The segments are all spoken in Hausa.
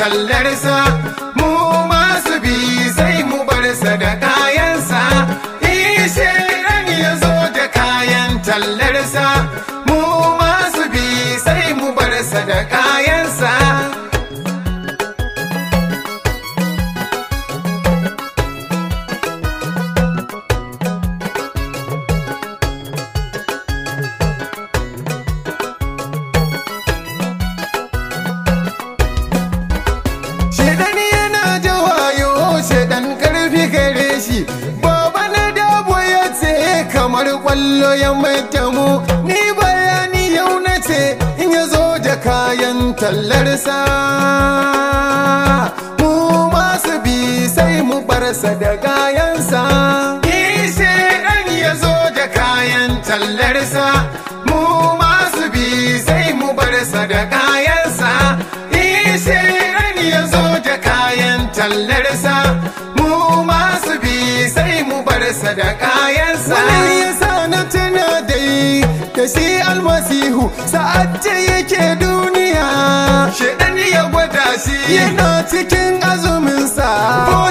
tallarsa kwallo ya maita mu ni bayani yau na ce in ya zo da kayan tallarsa mu masu bi sai mu barsa da kayansa ce dan ya zo da kayan tallarsa mu masu bi sai mu barsa da kayansa ce dan ya zo da kayan tallarsa mu masu bi sai mu barsa da kayansa da almasihu sa'ad ce yake duniya shedan ya gwada shi yana cikin azuminsa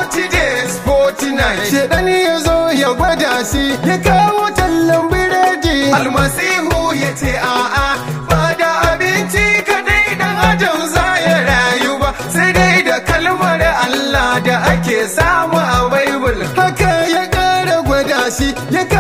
40 days 40 nights shedan ya zo ya gwada shi ya kawo tallan biredi almasihu ya ce a'a ba da abinci kadai dan adam za ya rayu ba sai dai da kalmar Allah da ake samu a Bible haka ya kara gwada shi ya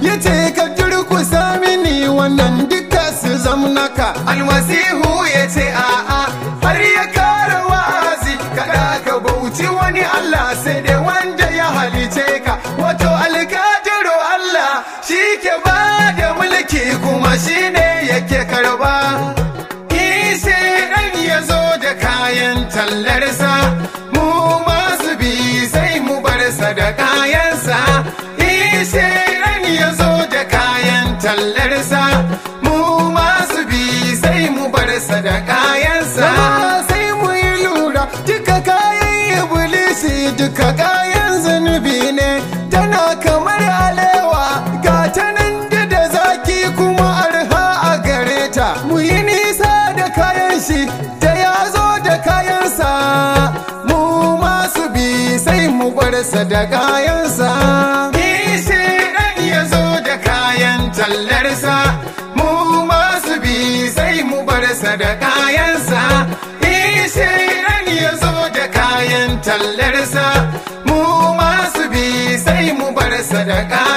Ya yace ka durkusa mini wannan duka su zamnaka almasihu yace a'a har ya kara wa'azi kada ka bauci wani Allah sai dai wanda ya halice ka wato alkadiru Allah shi ke ba da mulki kuma shine yake karba kayan tallarsa mu masu bi sai mu bar sadaka tallarsa da kayansa ise ɗan ya zo da kayan tallarsa mu masu bi sai mu barsa da kayansa ise ɗan ya zo da kayan tallarsa mu masu bi sai mu barsa da kayansa